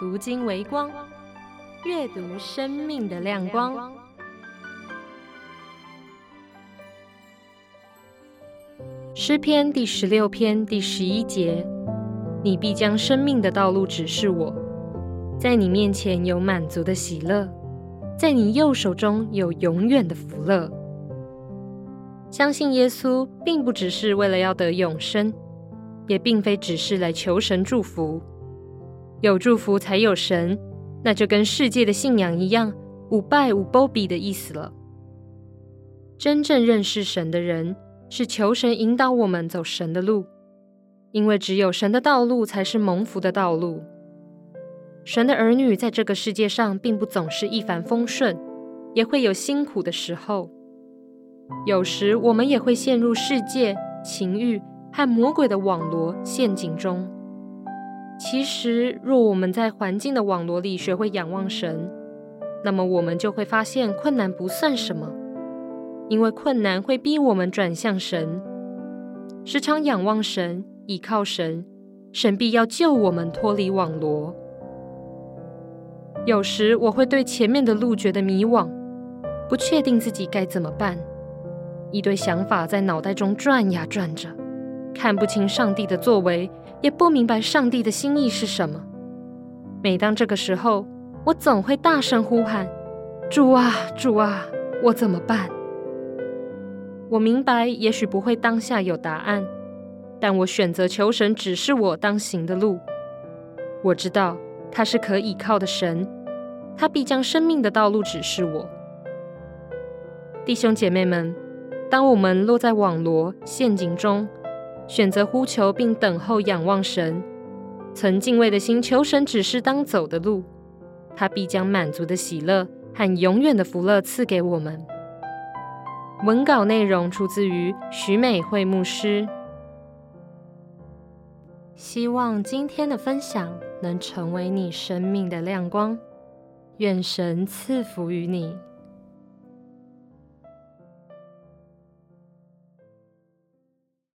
讀經為光，閱讀生命的亮光。詩篇第十六篇第十一節：你必將生命的道路指示我，在你面前有滿足的喜樂，在你右手中有永遠的福樂。相信耶穌，並不只是為了要得永生，也並非只是來求神祝福。有祝福才有神，那就跟世界的信仰一樣，無拜無保庇的意思了。真正認識神的人，是求神引導我們走神的路，因為只有神的道路才是蒙福的道路。神的兒女在這個世界上，並不總是一帆風順，也會有辛苦的時候。有時我們也會陷入世界、情欲和魔鬼的網羅陷阱中。其實，若我們在環境的網羅裡學會仰望神，那麼我們就會發現困難不算什麼，因為困難會逼我們轉向神。時常仰望神，倚靠神，神必要救我們脫離網羅。有時我會對前面的路覺得迷惘，不確定自己該怎麼辦，一堆想法在腦袋中轉呀轉着，看不清上帝的作為。也不明白上帝的心意是什麼。每當這個時候，我總會大聲呼喊：“主啊，主啊，我怎麼辦？”我明白，也許不會當下有答案，但我選擇求神指示我當行的路。我知道他是可依靠的神，他必將生命的道路指示我。弟兄姐妹們，當我們落在網羅陷阱中，選擇呼求並等候，仰望神，存敬畏的心求神指示當走的路，他必將滿足的喜樂和永遠的福樂賜給我們。文稿內容出自於許美惠牧師。希望今天的分享能成為你生命的亮光，願神賜福於你。